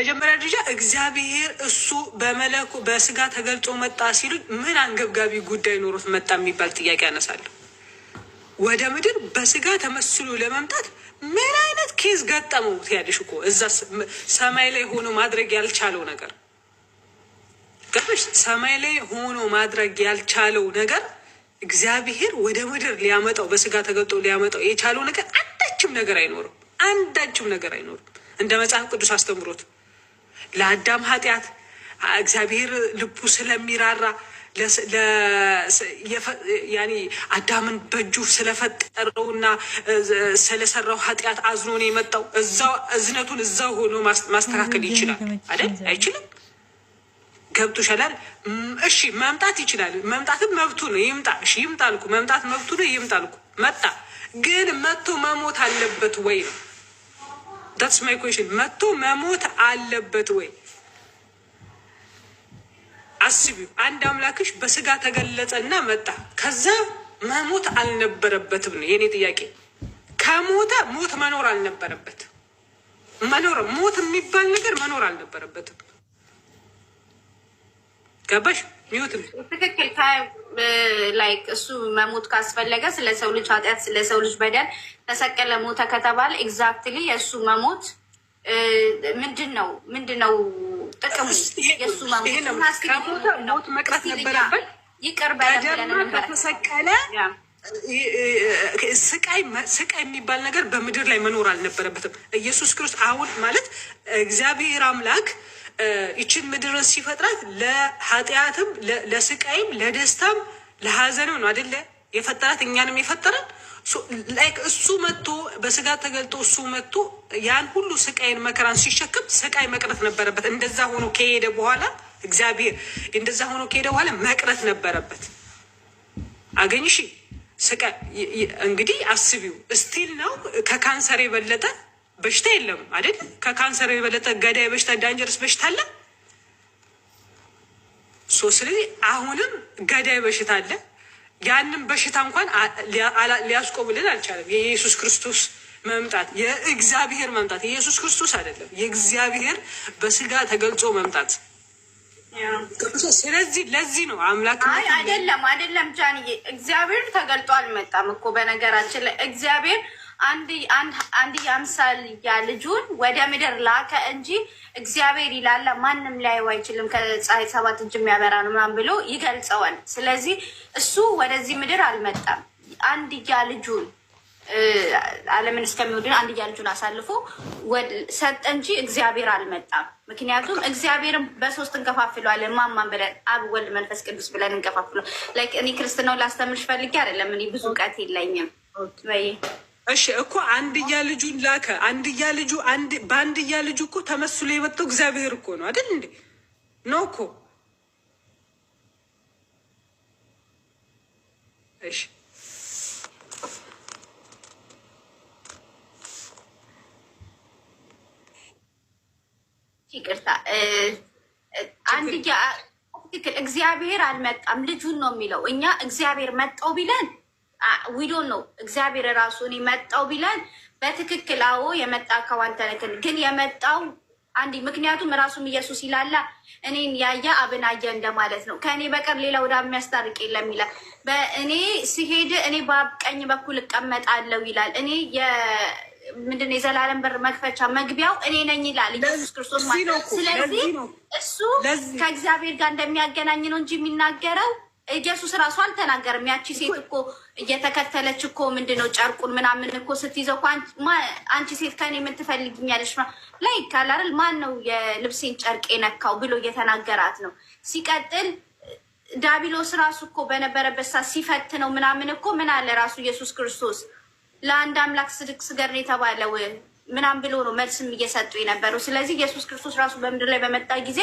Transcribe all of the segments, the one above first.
በመጀመሪያ ደረጃ እግዚአብሔር እሱ በመለኩ በስጋ ተገልጦ መጣ ሲሉ ምን አንገብጋቢ ጉዳይ ኖሮት መጣ የሚባል ጥያቄ ያነሳለሁ። ወደ ምድር በስጋ ተመስሎ ለመምጣት ምን አይነት ኬዝ ገጠመው ያለሽ እኮ እዛ ሰማይ ላይ ሆኖ ማድረግ ያልቻለው ነገር ገበሽ ሰማይ ላይ ሆኖ ማድረግ ያልቻለው ነገር እግዚአብሔር ወደ ምድር ሊያመጣው በስጋ ተገልጦ ሊያመጣው የቻለው ነገር አንዳችም ነገር አይኖርም። አንዳችም ነገር አይኖርም። እንደ መጽሐፍ ቅዱስ አስተምሮት ለአዳም ኃጢአት እግዚአብሔር ልቡ ስለሚራራ ያኔ አዳምን በእጁ ስለፈጠረውና ስለሰራው ኃጢአት አዝኖ ነው የመጣው። እዛው እዝነቱን እዛው ሆኖ ማስተካከል ይችላል አይደል? አይችልም። ገብቶሻል? እሺ መምጣት ይችላል። መምጣትም መብቱ ነው። ይምጣ። እሺ ይምጣ አልኩ። መምጣት መብቱ ነው። ይምጣ አልኩ። መጣ። ግን መጥቶ መሞት አለበት ወይ ነው ዳትስ ማይ ኮሽን። መጥቶ መሞት አለበት ወይ? አስቢው። አንድ አምላክሽ በስጋ ተገለጸና መጣ። ከዛ መሞት አልነበረበትም ነው የኔ ጥያቄ። ከሞተ ሞት መኖር አልነበረበት። መኖር ሞት የሚባል ነገር መኖር አልነበረበትም። ገባሽ? ሚዩት ላይክ እሱ መሞት ካስፈለገ ስለ ሰው ልጅ ኃጢአት ስለ ሰው ልጅ በደል ተሰቀለ፣ ሞተ ከተባለ ኤግዛክትሊ የእሱ መሞት ምንድን ነው? ምንድን ነው ጥቅሙ? የእሱ መሞት መቅረት ነበረበት። ይቅር በተሰቀለ ስቃይ ስቃይ የሚባል ነገር በምድር ላይ መኖር አልነበረበትም። ኢየሱስ ክርስቶስ አሁን ማለት እግዚአብሔር አምላክ ይችን ምድርን ሲፈጥራት ለኃጢአትም ለስቃይም ለደስታም ለሀዘንም ነው አደለ የፈጠራት እኛንም የፈጠረን ላይክ እሱ መጥቶ በስጋ ተገልጦ እሱ መጥቶ ያን ሁሉ ስቃይን መከራን ሲሸክም ስቃይ መቅረት ነበረበት። እንደዛ ሆኖ ከሄደ በኋላ እግዚአብሔር እንደዛ ሆኖ ከሄደ በኋላ መቅረት ነበረበት። አገኝሽ ስቃይ እንግዲህ አስቢው። ስቲል ነው ከካንሰር የበለጠ በሽታ የለም አይደል? ከካንሰር የበለጠ ገዳይ በሽታ ዳንጀርስ በሽታ አለ። ሶ ስለዚህ አሁንም ገዳይ በሽታ አለ። ያንም በሽታ እንኳን ሊያስቆምልን አልቻለም። የኢየሱስ ክርስቶስ መምጣት የእግዚአብሔር መምጣት የኢየሱስ ክርስቶስ አይደለም፣ የእግዚአብሔር በስጋ ተገልጾ መምጣት። ስለዚህ ለዚህ ነው አምላክ አይደለም አይደለም፣ ጃንዬ እግዚአብሔር ተገልጦ አልመጣም እኮ በነገራችን ላይ እግዚአብሔር አንድ የአምሳልያ ልጁን ወደ ምድር ላከ እንጂ እግዚአብሔር ይላል ማንም ሊያየው አይችልም፣ ከፀሐይ ሰባት እጅ የሚያበራ ነው ምናምን ብሎ ይገልጸዋል። ስለዚህ እሱ ወደዚህ ምድር አልመጣም። አንድያ ልጁን ዓለምን እስከሚወድን አንድያ ልጁን አሳልፎ ሰጠ እንጂ እግዚአብሔር አልመጣም። ምክንያቱም እግዚአብሔርን በሶስት እንከፋፍለዋለን። ማማን ብለን አብ፣ ወልድ፣ መንፈስ ቅዱስ ብለን እንከፋፍለ። እኔ ክርስትናውን ላስተምርሽ ፈልጌ አይደለም። እኔ ብዙ እውቀት የለኝም። እሺ እኮ አንድያ ልጁን ላከ። አንድያ ልጁ በአንድያ ልጁ እኮ ተመስሎ የመጣው እግዚአብሔር እኮ ነው አይደል እንዴ? ነው እኮ እሺ ይቅርታ ትክክል፣ እግዚአብሔር አልመጣም ልጁን ነው የሚለው። እኛ እግዚአብሔር መጣው ቢለን ዊዶን ነው እግዚአብሔር ራሱ እኔ መጣው ቢለን በትክክል አዎ የመጣ ከዋንተ ነክን ግን የመጣው አንድ ምክንያቱም ራሱም ኢየሱስ ይላላ እኔን ያየ አብን አየ እንደማለት ነው። ከእኔ በቀር ሌላ ወደ የሚያስታርቅ የለም ይላል። በእኔ ሲሄድ እኔ በአብ ቀኝ በኩል እቀመጣለሁ ይላል። እኔ ምንድን የዘላለም በር መክፈቻ መግቢያው እኔ ነኝ ይላል ኢየሱስ ክርስቶስ ማለት። ስለዚህ እሱ ከእግዚአብሔር ጋር እንደሚያገናኝ ነው እንጂ የሚናገረው ኢየሱስ ራሱ አልተናገርም። ያቺ ሴት እኮ እየተከተለች እኮ ምንድን ነው ጨርቁን ምናምን እኮ ስትይዘው እኮ አንቺ ሴት ከኔ ምን ትፈልግኛለች ላይ ካላል ማን ነው የልብሴን ጨርቅ የነካው ብሎ እየተናገራት ነው። ሲቀጥል ዳቢሎስ ራሱ እኮ በነበረበት ሰዓት ሲፈት ነው ምናምን እኮ ምን አለ ራሱ ኢየሱስ ክርስቶስ ለአንድ አምላክ ስድቅ ስገር የተባለው ምናም ብሎ ነው መልስም እየሰጡ የነበረው። ስለዚህ ኢየሱስ ክርስቶስ ራሱ በምድር ላይ በመጣ ጊዜ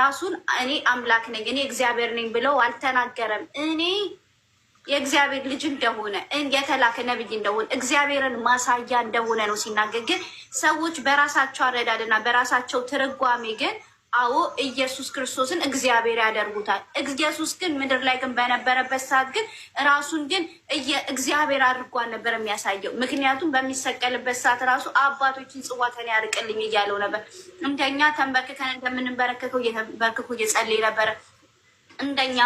ራሱን እኔ አምላክ ነኝ፣ እኔ እግዚአብሔር ነኝ ብለው አልተናገረም። እኔ የእግዚአብሔር ልጅ እንደሆነ የተላከ ነብይ እንደሆነ እግዚአብሔርን ማሳያ እንደሆነ ነው ሲናገር። ግን ሰዎች በራሳቸው አረዳድና በራሳቸው ትርጓሜ ግን አዎ ኢየሱስ ክርስቶስን እግዚአብሔር ያደርጉታል። ኢየሱስ ግን ምድር ላይ ግን በነበረበት ሰዓት ግን ራሱን ግን እግዚአብሔር አድርጎ ነበር የሚያሳየው። ምክንያቱም በሚሰቀልበት ሰዓት ራሱ አባቶችን ጽዋ ከኔ ያርቅልኝ እያለው ነበር። እንደኛ ተንበርክከን እንደምንበረከከው እየተንበርክኩ እየጸለየ ነበረ። እንደኛ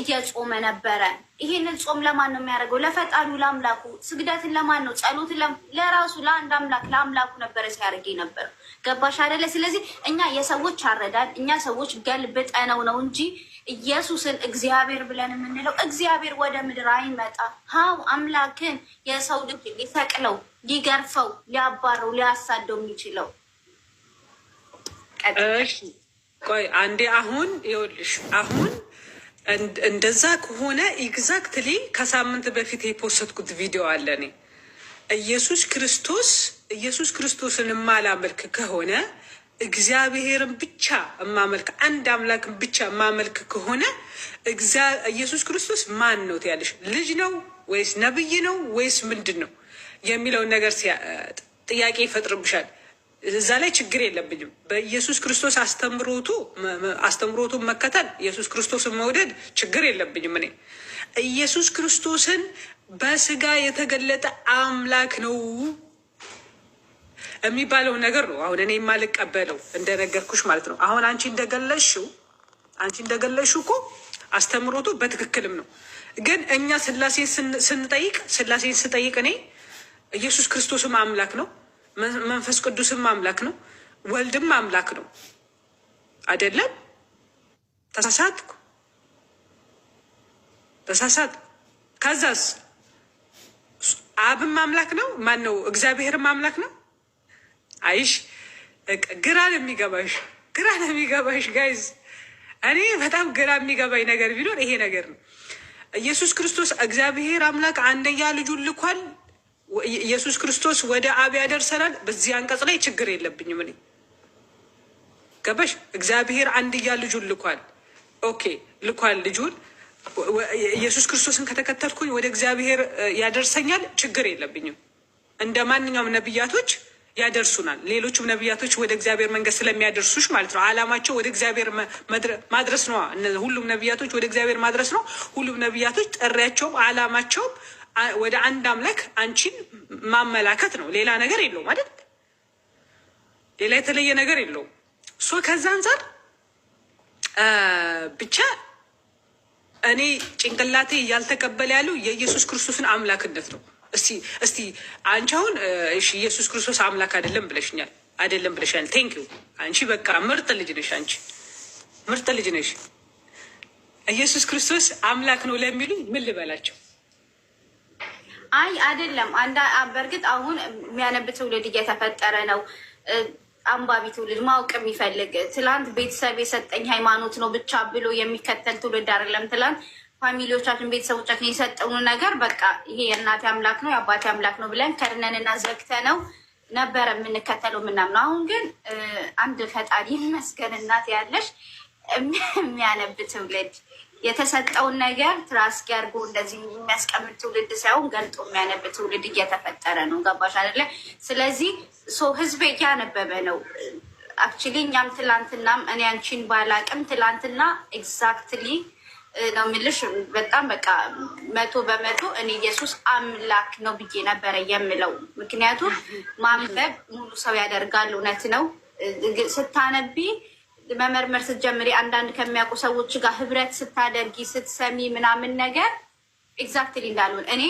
እየጾመ ነበረ። ይሄንን ጾም ለማን ነው የሚያደርገው? ለፈጣሪው ለአምላኩ። ስግደትን ለማን ነው? ጸሎትን ለራሱ ለአንድ አምላክ ለአምላኩ ነበረ ሲያደርግ ነበር ገባሽ አይደለ? ስለዚህ እኛ የሰዎች አረዳድ እኛ ሰዎች ገልብጠነው ነው እንጂ ኢየሱስን እግዚአብሔር ብለን የምንለው እግዚአብሔር ወደ ምድር አይመጣ ሀው አምላክን የሰው ልጅ ሊሰቅለው፣ ሊገርፈው፣ ሊያባረው፣ ሊያሳደው የሚችለው ቆይ አንዴ አሁን ይኸውልሽ አሁን እንደዛ ከሆነ ኤግዛክትሊ ከሳምንት በፊት የፖስትኩት ቪዲዮ አለ እኔ ኢየሱስ ክርስቶስ ኢየሱስ ክርስቶስን የማላመልክ ከሆነ እግዚአብሔርን ብቻ የማመልክ አንድ አምላክን ብቻ የማመልክ ከሆነ ኢየሱስ ክርስቶስ ማን ነው ትያለሽ? ልጅ ነው ወይስ ነብይ ነው ወይስ ምንድን ነው የሚለውን ነገር ጥያቄ ይፈጥርብሻል። እዛ ላይ ችግር የለብኝም። በኢየሱስ ክርስቶስ አስተምሮቱ አስተምሮቱን መከተል ኢየሱስ ክርስቶስን መውደድ ችግር የለብኝም። እኔ ኢየሱስ ክርስቶስን በስጋ የተገለጠ አምላክ ነው የሚባለው ነገር ነው። አሁን እኔ የማልቀበለው እንደነገርኩሽ ማለት ነው። አሁን አንቺ እንደገለሽው አንቺ እንደገለሽው እኮ አስተምሮቱ በትክክልም ነው። ግን እኛ ስላሴን ስንጠይቅ ስላሴን ስጠይቅ እኔ ኢየሱስ ክርስቶስም አምላክ ነው፣ መንፈስ ቅዱስም አምላክ ነው፣ ወልድም አምላክ ነው። አይደለም? ተሳሳትኩ ተሳሳትኩ። ከዛስ አብም አምላክ ነው። ማን ነው? እግዚአብሔርም አምላክ ነው። አይሽ ግራ ነው የሚገባሽ፣ ግራ ነው የሚገባሽ ጋይዝ። እኔ በጣም ግራ የሚገባኝ ነገር ቢኖር ይሄ ነገር ነው። ኢየሱስ ክርስቶስ እግዚአብሔር አምላክ አንደኛ ልጁን ልኳል። ኢየሱስ ክርስቶስ ወደ አብ ያደርሰናል። በዚህ አንቀጽ ላይ ችግር የለብኝም እኔ ገባሽ። እግዚአብሔር አንድያ ልጁን ልኳል። ኦኬ ልኳል ልጁን ኢየሱስ ክርስቶስን ከተከተልኩኝ ወደ እግዚአብሔር ያደርሰኛል፣ ችግር የለብኝም። እንደ ማንኛውም ነብያቶች ያደርሱናል። ሌሎችም ነብያቶች ወደ እግዚአብሔር መንገድ ስለሚያደርሱሽ ማለት ነው። አላማቸው ወደ እግዚአብሔር ማድረስ ነው። ሁሉም ነብያቶች ወደ እግዚአብሔር ማድረስ ነው። ሁሉም ነብያቶች ጥሪያቸውም አላማቸውም ወደ አንድ አምላክ አንቺን ማመላከት ነው። ሌላ ነገር የለውም አይደል? ሌላ የተለየ ነገር የለውም። ሶ ከዛ አንጻር ብቻ እኔ ጭንቅላቴ እያልተቀበለ ያለው የኢየሱስ ክርስቶስን አምላክነት ነው። እስቲ እስቲ አንቺ አሁን ኢየሱስ ክርስቶስ አምላክ አይደለም ብለሽኛል፣ አይደለም ብለሽኛል። ቴንክ ዩ አንቺ በቃ ምርጥ ልጅ ነሽ፣ አንቺ ምርጥ ልጅ ነሽ። ኢየሱስ ክርስቶስ አምላክ ነው ለሚሉ ምን ልበላቸው? አይ አይደለም። አንዳ በእርግጥ አሁን የሚያነብ ትውልድ እየተፈጠረ ነው። አንባቢ ትውልድ ማወቅ የሚፈልግ ትላንት ቤተሰብ የሰጠኝ ሃይማኖት ነው ብቻ ብሎ የሚከተል ትውልድ አይደለም። ትላንት ፋሚሊዎቻችን ቤተሰቦቻችን የሰጠውን ነገር በቃ ይሄ የእናቴ አምላክ ነው የአባቴ አምላክ ነው ብለን ከድነንና ዘግተ ነው ነበረ የምንከተለው የምናምነው። አሁን ግን አንድ ፈጣሪ ይመስገን እናት ያለሽ የሚያነብ ትውልድ የተሰጠውን ነገር ትራስኪ አድርጎ እንደዚህ የሚያስቀምጥ ትውልድ ሳይሆን ገልጦ የሚያነብ ትውልድ እየተፈጠረ ነው። ገባሽ አይደለ? ስለዚህ ህዝብ እያነበበ ነው። አክቹሊ እኛም ትላንትናም እኔ አንቺን ባላቅም ትላንትና ኤግዛክትሊ ነው የምልሽ። በጣም በቃ መቶ በመቶ እኔ ኢየሱስ አምላክ ነው ብዬ ነበረ የምለው። ምክንያቱም ማንበብ ሙሉ ሰው ያደርጋል። እውነት ነው ስታነቢ መመርመር ስትጀምሪ አንዳንድ ከሚያውቁ ሰዎች ጋር ህብረት ስታደርጊ ስትሰሚ ምናምን ነገር ኤግዛክትሊ እንዳልሆን እኔ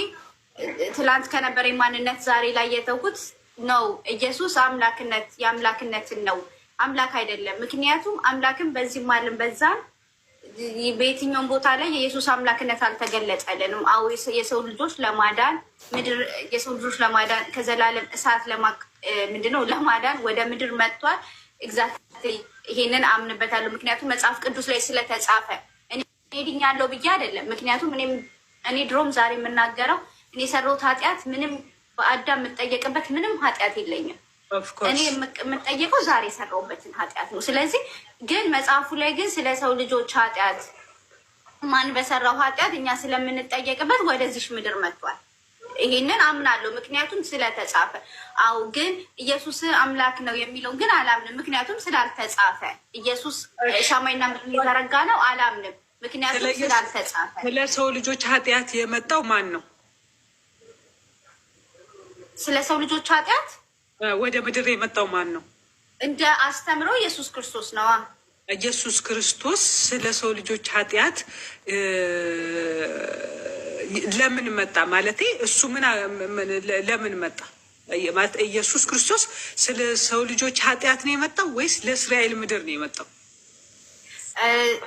ትላንት ከነበረ ማንነት ዛሬ ላይ የተውኩት ነው። ኢየሱስ አምላክነት የአምላክነትን ነው አምላክ አይደለም። ምክንያቱም አምላክም በዚህ ማለም በዛም በየትኛውም ቦታ ላይ የኢየሱስ አምላክነት አልተገለጸልንም። አዎ የሰው ልጆች ለማዳን ምድር የሰው ልጆች ለማዳን ከዘላለም እሳት ምንድነው ለማዳን ወደ ምድር መጥቷል። ኤግዛክት ይሄንን አምንበታለሁ። ምክንያቱም መጽሐፍ ቅዱስ ላይ ስለተጻፈ እኔ ሄድኛለሁ ብዬ አይደለም። ምክንያቱም እኔ ድሮም ዛሬ የምናገረው እኔ የሰራሁት ኃጢአት ምንም በአዳም የምጠየቅበት ምንም ኃጢአት የለኝም። እኔ የምጠየቀው ዛሬ የሰራሁበትን ኃጢአት ነው። ስለዚህ ግን መጽሐፉ ላይ ግን ስለ ሰው ልጆች ኃጢአት ማን በሰራው ኃጢአት እኛ ስለምንጠየቅበት ወደዚሽ ምድር መጥቷል። ይሄንን አምናለሁ፣ ምክንያቱም ስለተጻፈ። አዎ ግን ኢየሱስ አምላክ ነው የሚለው ግን አላምንም፣ ምክንያቱም ስላልተጻፈ። ኢየሱስ ሰማይና ምድር የተረጋ ነው አላምንም፣ ምክንያቱም ስላልተጻፈ። ስለ ሰው ልጆች ኃጢአት የመጣው ማን ነው? ስለ ሰው ልጆች ኃጢአት ወደ ምድር የመጣው ማን ነው? እንደ አስተምሮ ኢየሱስ ክርስቶስ ነዋ። ኢየሱስ ክርስቶስ ስለ ሰው ልጆች ኃጢአት ለምን መጣ ማለት እሱ ምን ለምን መጣ ማለት ኢየሱስ ክርስቶስ ስለ ሰው ልጆች ኃጢአት ነው የመጣው ወይስ ለእስራኤል ምድር ነው የመጣው?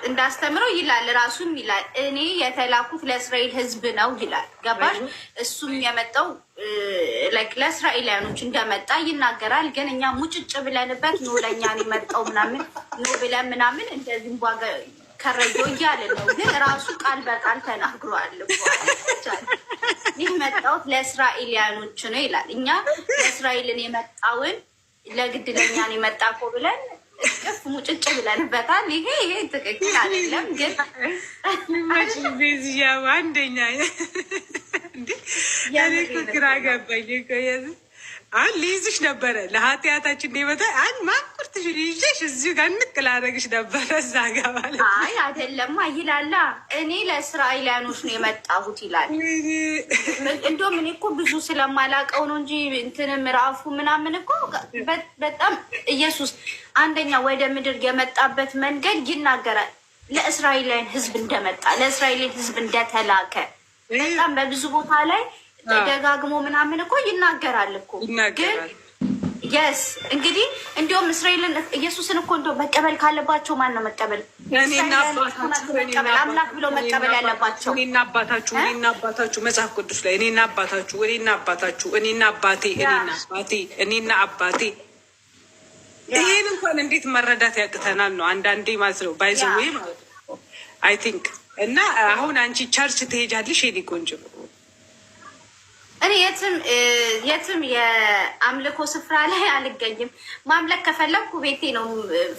እንዳስተምረው ይላል ራሱም ይላል እኔ የተላኩት ለእስራኤል ህዝብ ነው ይላል። ገባሽ? እሱም የመጣው ለእስራኤላውያኖች እንደመጣ ይናገራል። ግን እኛ ሙጭጭ ብለንበት ኖ ለእኛ ነው የመጣው ምናምን ኖ ብለን ምናምን እንደዚህ ተረጆ እያለ ነው። ግን ራሱ ቃል በቃል ተናግሯል። ይህ መጣሁት ለእስራኤልያኖች ነው ይላል። እኛ ለእስራኤልን የመጣውን ለግድለኛን የመጣ እኮ ብለን እቅፍ ሙጭጭ ብለንበታል። ይሄ ይሄ ትክክል አይደለም። ግን ቤዝያ አንደኛ ግራ ገባኝ። አሁን ሊይዝሽ ነበረ ለኃጢአታችን እንደበታ አን ማቁርትሽ ይዤሽ እዚሁ ጋር ንቅ ነበረ እዛ ጋ ማለት አይ አይደለማ ይላላ። እኔ ለእስራኤላኖች ነው የመጣሁት ይላል። እንደውም እኔ እኮ ብዙ ስለማላቀው ነው እንጂ እንትን ምዕራፉ ምናምን እኮ በጣም ኢየሱስ አንደኛ ወደ ምድር የመጣበት መንገድ ይናገራል። ለእስራኤላን ህዝብ እንደመጣ ለእስራኤልን ህዝብ እንደተላከ በጣም በብዙ ቦታ ላይ ደጋግሞ ምናምን እኮ ይናገራል እኮ ግን እንግዲህ እንዲሁም እስራኤልን ኢየሱስን እኮ እንዲሁም መቀበል ካለባቸው ማን ነው መቀበል? አምላክ ብሎ መቀበል ያለባቸው እኔና አባታችሁ እኔና አባታችሁ መጽሐፍ ቅዱስ ላይ እኔና አባታችሁ እኔና አባታችሁ እኔና አባቴ እኔና አባቴ እኔና አባቴ ይሄን እንኳን እንዴት መረዳት ያቅተናል ነው አንዳንዴ ማለት ነው ባይዘ ወይ ማለት ነው አይ ቲንክ እና አሁን አንቺ ቸርች ትሄጃለሽ የኔ ቆንጆ ነው እኔ የትም የትም የአምልኮ ስፍራ ላይ አልገኝም። ማምለክ ከፈለግኩ ቤቴ ነው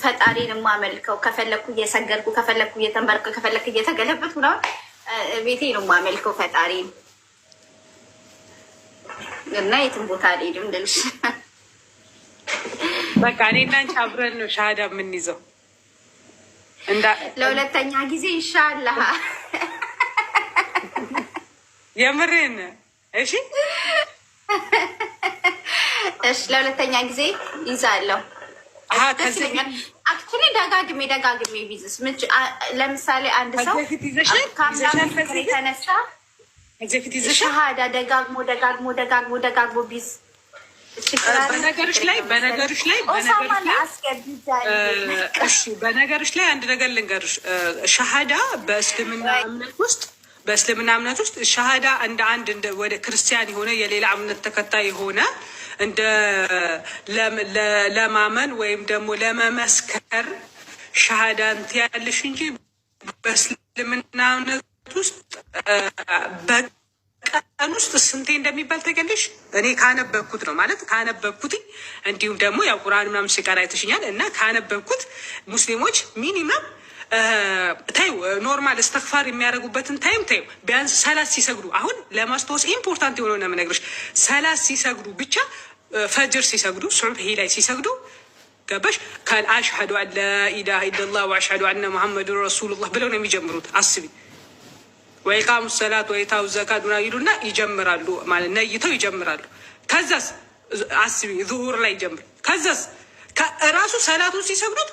ፈጣሪን የማመልከው። ከፈለግኩ እየሰገድኩ፣ ከፈለግኩ እየተንበርክ፣ ከፈለግኩ እየተገለበጥኩ ነው ቤቴ ነው የማመልከው ፈጣሪ እና የትም ቦታ አልሄድም። ልልሽ በቃ እኔ እና አንቺ አብረን ነው ሻሃዳ የምንይዘው ለሁለተኛ ጊዜ ይሻላል። የምሬን እሺ እሺ፣ ለሁለተኛ ጊዜ ይዛለሁ። አክቹሊ ደጋግሜ ደጋግሜ ቢዝስ ምች ለምሳሌ አንድ ሰው የተነሳ ሻሃዳ ደጋግሞ ደጋግሞ ደጋግሞ ደጋግሞ ቢዝ በነገሮች ላይ በነገሮች ላይ በነገሮች ላይ አንድ ነገር ልንገርሽ፣ ሻሃዳ በእስልምና እምነት ውስጥ በእስልምና እምነት ውስጥ ሻሃዳ እንደ አንድ ወደ ክርስቲያን የሆነ የሌላ እምነት ተከታይ የሆነ እንደ ለማመን ወይም ደግሞ ለመመስከር ሻሃዳን ያለሽ እንጂ በእስልምና እምነት ውስጥ በቀን ውስጥ ስንቴ እንደሚባል ተገልሽ እኔ ካነበብኩት ነው ማለት ካነበብኩት፣ እንዲሁም ደግሞ ያው ቁርአን ምናምን ሲቀራ አይተሽኛል እና ካነበብኩት ሙስሊሞች ሚኒመም ታዩ ኖርማል እስተክፋር የሚያደርጉበትን ታይም ታዩ። ቢያንስ ሰላት ሲሰግዱ አሁን ለማስታወስ ኢምፖርታንት የሆነው ነው የምነግርሽ። ሰላት ሲሰግዱ ብቻ ፈጅር ሲሰግዱ፣ ሱብሂ ላይ ሲሰግዱ ገበሽ ካል አሽሀዱ አን ላኢላሃ ኢለላህ ወአሽሀዱ አነ ሙሐመዱን ረሱሉላህ ብለው ነው የሚጀምሩት። አስቢ ወኢቃሙ ሰላት ወኢታኡ ዘካት ምናምን ይሉና ይጀምራሉ ማለት ነይተው ይጀምራሉ። ከዛስ አስቢ ዙሁር ላይ ይጀምር። ከዛስ ራሱ ሰላቱን ሲሰግዱት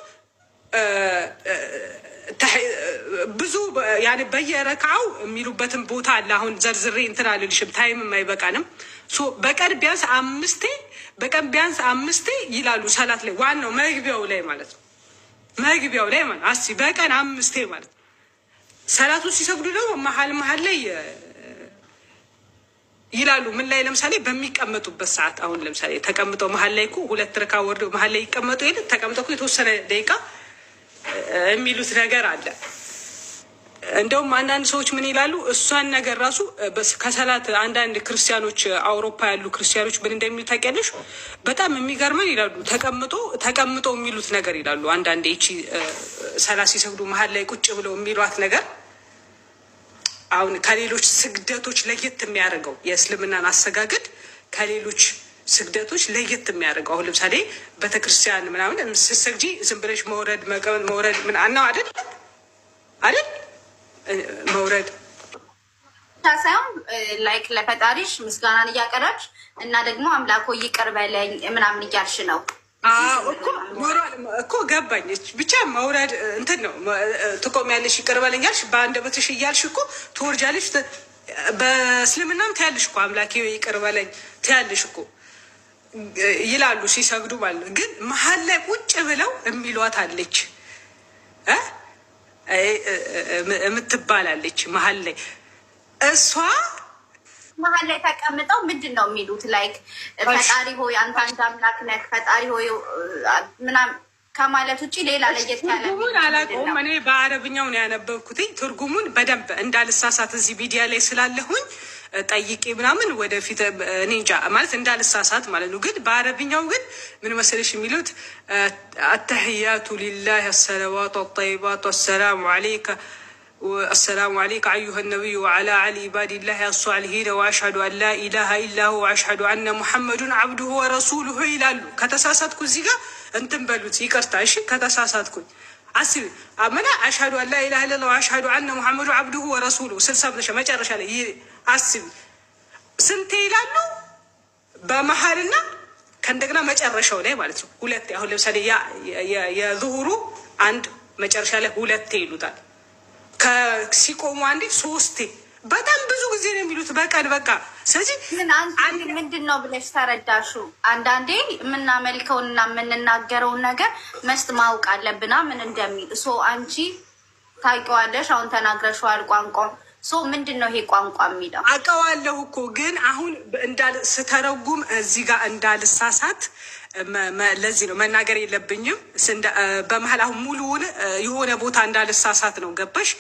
ብዙ ያኔ በየረካው የሚሉበትን ቦታ አለ። አሁን ዘርዝሬ እንትን አልልሽም፣ ታይምም አይበቃንም። በቀን ቢያንስ አምስቴ በቀን ቢያንስ አምስቴ ይላሉ ሰላት ላይ ዋናው መግቢያው ላይ ማለት ነው። መግቢያው ላይ ማለት አስ በቀን አምስቴ ማለት ነው። ሰላቱ ሲሰግዱ ደግሞ መሀል መሀል ላይ ይላሉ። ምን ላይ ለምሳሌ በሚቀመጡበት ሰዓት አሁን ለምሳሌ ተቀምጠው መሀል ላይ እኮ ሁለት ረካ ወርደው መሀል ላይ ይቀመጡ ይል ተቀምጠው የተወሰነ ደቂቃ የሚሉት ነገር አለ። እንደውም አንዳንድ ሰዎች ምን ይላሉ? እሷን ነገር ራሱ ከሰላት አንዳንድ ክርስቲያኖች አውሮፓ ያሉ ክርስቲያኖች ምን እንደሚሉ ታውቂያለሽ? በጣም የሚገርመን ይላሉ። ተቀምጦ ተቀምጦ የሚሉት ነገር ይላሉ። አንዳንድ ይቺ ሰላ ሲሰግዱ መሀል ላይ ቁጭ ብለው የሚሏት ነገር አሁን ከሌሎች ስግደቶች ለየት የሚያደርገው የእስልምናን አሰጋገድ ከሌሎች ስግደቶች ለየት የሚያደርገው አሁን ለምሳሌ ቤተክርስቲያን ምናምን ስትሰግጂ ዝም ብለሽ መውረድ መቀመጥ መውረድ ምን አናው አይደል አይደል መውረድ ሳይሆን ላይክ ለፈጣሪሽ ምስጋናን እያቀረብሽ እና ደግሞ አምላኮ ይቅር በለኝ ምናምን እያልሽ ነው እኮ ገባኝ። ብቻ መውረድ እንትን ነው። ትቆሚያለሽ፣ ይቅር በለኝ ያልሽ በአንደበትሽ እያልሽ እኮ ትወርጃለሽ። በእስልምናም ትያለሽ እኮ አምላኬ ይቅር በለኝ ትያለሽ እኮ ይላሉ ሲሰግዱ ማለት ነው። ግን መሀል ላይ ቁጭ ብለው የሚሏት አለች የምትባላለች መሀል ላይ እሷ መሀል ላይ ተቀምጠው ምንድን ነው የሚሉት? ላይክ ፈጣሪ ሆይ አንተ አንድ አምላክ ነህ፣ ፈጣሪ ሆይ ምናምን ከማለት ውጭ ሌላ ለየት ያለ አላውቀውም። እኔ በአረብኛው ነው ያነበብኩትኝ ትርጉሙን በደንብ እንዳልሳሳት እዚህ ሚዲያ ላይ ስላለሁኝ ጠይቄ ምናምን ወደፊት እኔ እንጃ ማለት እንዳልሳሳት ማለት ነው። ግን በአረብኛው ግን ምን መሰለሽ የሚሉት አተህያቱ ሊላህ አሰለዋቱ አጠይባቱ አሰላሙ አለይከ السلام عليك أيها النبي وعلى آل عباد الله الصالحين وأشهد أن لا إله إلا هو وأشهد أن محمد عبده ورسوله إلى الله كتساسات كوزيغا أنت مبلوت يكرتا كتساسات كوي أسل أمنا أشهد أن لا إله إلا الله وأشهد أن محمد عبده ورسوله سلسة بلشة ما አስቢ። ስንቴ ይላሉ በመሀልና ከእንደገና መጨረሻው ላይ ማለት ነው። ሁለቴ አሁን ለምሳሌ የዙሁሩ አንድ መጨረሻ ላይ ሁለቴ ይሉታል። ከሲቆሙ አንዴ ሶስቴ በጣም ብዙ ጊዜ ነው የሚሉት በቀን በቃ። ስለዚህ ምንድን ነው ብለሽ ተረዳሹ። አንዳንዴ የምናመልከውንና የምንናገረውን ነገር መስጥ ማወቅ አለብና ምን እንደሚል ሶ አንቺ ታውቂዋለሽ። አሁን ተናግረሽዋል ቋንቋ ምንድን ነው ይሄ ቋንቋ የሚለው? አውቀዋለሁ እኮ ግን አሁን ስተረጉም እዚህ ጋር እንዳልሳሳት ለዚህ ነው መናገር የለብኝም። በመሀል አሁን ሙሉውን የሆነ ቦታ እንዳልሳሳት ነው ገባሽ?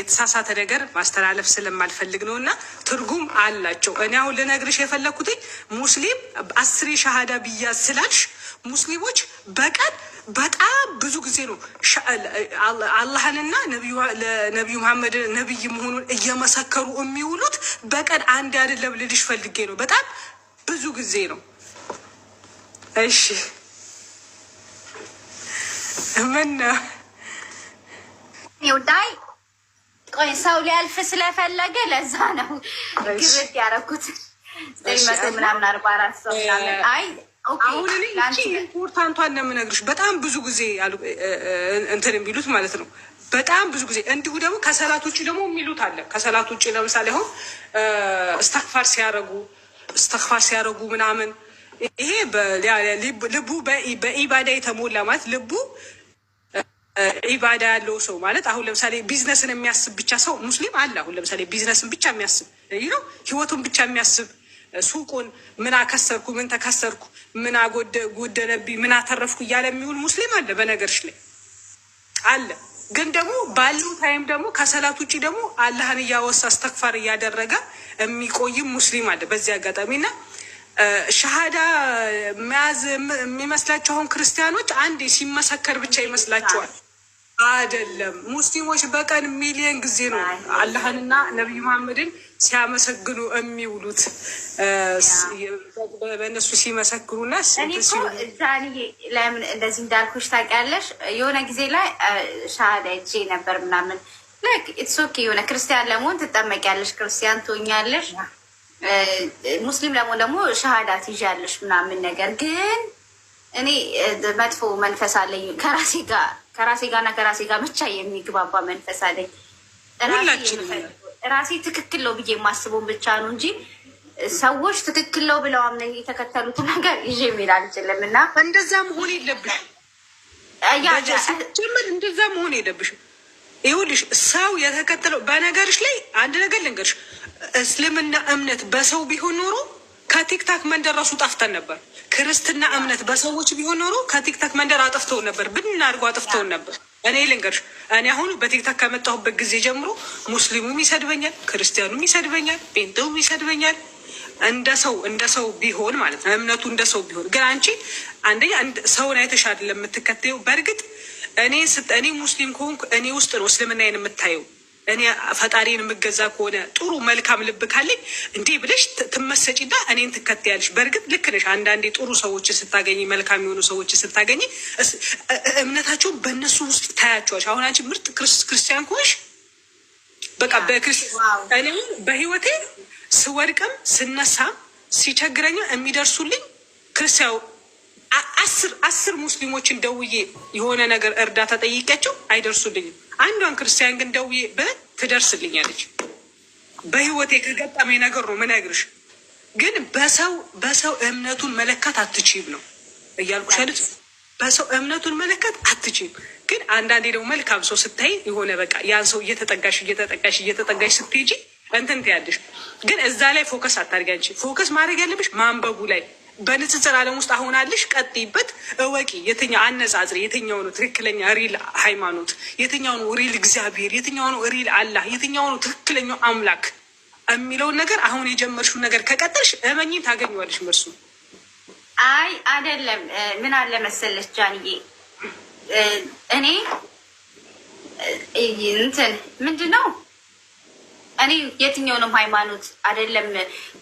የተሳሳተ ነገር ማስተላለፍ ስለማልፈልግ ነው። እና ትርጉም አላቸው። እኔ አሁን ልነግርሽ የፈለግኩትኝ ሙስሊም አስሬ ሻሃዳ ብያ ስላልሽ ሙስሊሞች በቀን በጣም ብዙ ጊዜ ነው አላህንና ነቢዩ መሐመድ ነቢይ መሆኑን እየመሰከሩ የሚውሉት። በቀን አንድ አይደለም ልልሽ ፈልጌ ነው። በጣም ብዙ ጊዜ ነው። እሺ ምን ዳይ ቆይ ሰው ሊያልፍ ስለፈለገ ለዛ ነው ግብት ያረኩት ምናምን አርባ አራት ሰው ምናምን አይ አሁን እኔ እቺ ኢምፖርታንቷን ነው የምነግርሽ። በጣም ብዙ ጊዜ እንትን የሚሉት ማለት ነው። በጣም ብዙ ጊዜ እንዲሁ ደግሞ ከሰላት ውጭ ደግሞ የሚሉት አለ። ከሰላት ውጭ ለምሳሌ አሁን እስተክፋር ሲያረጉ እስተክፋር ሲያረጉ ምናምን ይሄ ልቡ በኢባዳ የተሞላ ማለት ልቡ ኢባዳ ያለው ሰው ማለት አሁን ለምሳሌ ቢዝነስን የሚያስብ ብቻ ሰው ሙስሊም አለ። አሁን ለምሳሌ ቢዝነስን ብቻ የሚያስብ ነው ህይወቱን ብቻ የሚያስብ ሱቁን ምን አከሰርኩ፣ ምን ተከሰርኩ፣ ምን ጎደለብኝ፣ ምን አተረፍኩ እያለ የሚውል ሙስሊም አለ። በነገርሽ ላይ አለ። ግን ደግሞ ባለው ታይም ደግሞ ከሰላት ውጭ ደግሞ አላህን እያወሳ አስተክፋር እያደረገ የሚቆይም ሙስሊም አለ። በዚህ አጋጣሚ እና ሻሃዳ መያዝ የሚመስላቸው አሁን ክርስቲያኖች አንዴ ሲመሰከር ብቻ ይመስላቸዋል። አይደለም። ሙስሊሞች በቀን ሚሊየን ጊዜ ነው አላህንና ነቢይ መሐመድን ሲያመሰግኑ የሚውሉት በእነሱ ሲመሰግኑና እዛ ለምን እንደዚህ እንዳልኩሽ ታውቂያለሽ፣ የሆነ ጊዜ ላይ ሻሃዳ እጄ ነበር ምናምን ኢትሶኬ የሆነ ክርስቲያን ለመሆን ትጠመቂያለሽ፣ ክርስቲያን ትሆኛለሽ። ሙስሊም ለመሆን ደግሞ ሻሃዳ ትይዣለሽ ምናምን ነገር ግን እኔ መጥፎ መንፈስ አለኝ ከራሴ ጋር ከራሴ ጋርና ከራሴ ጋር ብቻ የሚግባባ መንፈስ አለኝ። ራሴ ትክክል ነው ብዬ የማስበውን ብቻ ነው እንጂ ሰዎች ትክክል ነው ብለው አምነኝ የተከተሉትን ነገር ይዤ የሚል አልችልም። እና እንደዛ መሆን የለብሽም እንደዛ መሆን የለብሽም። ይኸውልሽ ሰው የተከተለው በነገርሽ ላይ አንድ ነገር ልንገርሽ፣ እስልምና እምነት በሰው ቢሆን ኖሮ ከቲክታክ መንደር ራሱ ጠፍተን ነበር። ክርስትና እምነት በሰዎች ቢሆን ኖሮ ከቲክታክ መንደር አጥፍተውን ነበር፣ ብናድርጎ አድርጎ አጥፍተውን ነበር። እኔ ልንገርሽ፣ እኔ አሁን በቲክታክ ከመጣሁበት ጊዜ ጀምሮ ሙስሊሙም ይሰድበኛል፣ ክርስቲያኑም ይሰድበኛል፣ ጴንጤውም ይሰድበኛል። እንደ ሰው እንደ ሰው ቢሆን ማለት ነው እምነቱ እንደ ሰው ቢሆን ግን አንቺ አንደኛ ሰውን አይተሽ አይደለም በእርግጥ እኔ እኔ ሙስሊም ከሆንኩ እኔ ውስጥ ነው እስልምናዬን የምታየው እኔ ፈጣሪን የምገዛ ከሆነ ጥሩ መልካም ልብ ካለኝ እንዲህ ብለሽ ትመሰጪና እኔን ትከትያለሽ። በእርግጥ ልክ ነሽ። አንዳንዴ ጥሩ ሰዎች ስታገኝ፣ መልካም የሆኑ ሰዎች ስታገኝ እምነታቸውን በእነሱ ውስጥ ታያቸዋች። አሁን አንቺ ምርጥ ክርስቲያን ከሆንሽ በቃ በክርስቲያን በህይወቴ ስወድቅም ስነሳም ሲቸግረኝ የሚደርሱልኝ ክርስቲያው አስር አስር ሙስሊሞችን ደውዬ የሆነ ነገር እርዳታ ጠይቄያቸው አይደርሱልኝም። አንዷን ክርስቲያን ግን ደውዬበት ትደርስልኛለች። በህይወቴ ከገጠመኝ ነገር ነው ምነግርሽ። ግን በሰው በሰው እምነቱን መለካት አትችም ነው እያልኩሽ በሰው እምነቱን መለከት አትችም። ግን አንዳንዴ ደግሞ መልካም ሰው ስታይ የሆነ በቃ ያን ሰው እየተጠጋሽ እየተጠጋሽ እየተጠጋሽ ስትሄጂ እንትን ትያለሽ። ግን እዛ ላይ ፎከስ አታድርጊ አንቺ። ፎከስ ማድረግ ያለብሽ ማንበቡ ላይ በንጽጽር ዓለም ውስጥ አሁን አለሽ፣ ቀጥይበት፣ እወቂ። የትኛው አነጻጽሪ፣ የትኛው ነው ትክክለኛ ሪል ሃይማኖት፣ የትኛው ነው ሪል እግዚአብሔር፣ የትኛው ነው ሪል አላህ፣ የትኛው ነው ትክክለኛው አምላክ የሚለውን ነገር አሁን የጀመርሽው ነገር ከቀጠልሽ እመኝ ታገኘዋለሽ መልሱ። አይ አይደለም፣ ምን አለ መሰለሽ ጃንዬ፣ እኔ እንትን ምንድን ነው እኔ የትኛውንም ሃይማኖት አይደለም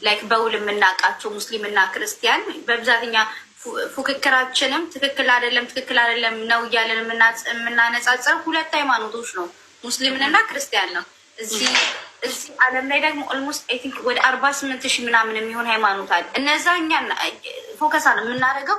ላይክ በውል የምናውቃቸው ሙስሊምና ክርስቲያን በብዛትኛ ፉክክራችንም ትክክል አይደለም ትክክል አይደለም ነው እያለን የምናነጻጽር ሁለት ሃይማኖቶች ነው፣ ሙስሊምንና ክርስቲያን ነው። እዚህ እዚህ ዓለም ላይ ደግሞ ኦልሞስት አይ ቲንክ ወደ አርባ ስምንት ሺህ ምናምን የሚሆን ሃይማኖት አለ። እነዛ እኛ ነው የምናደርገው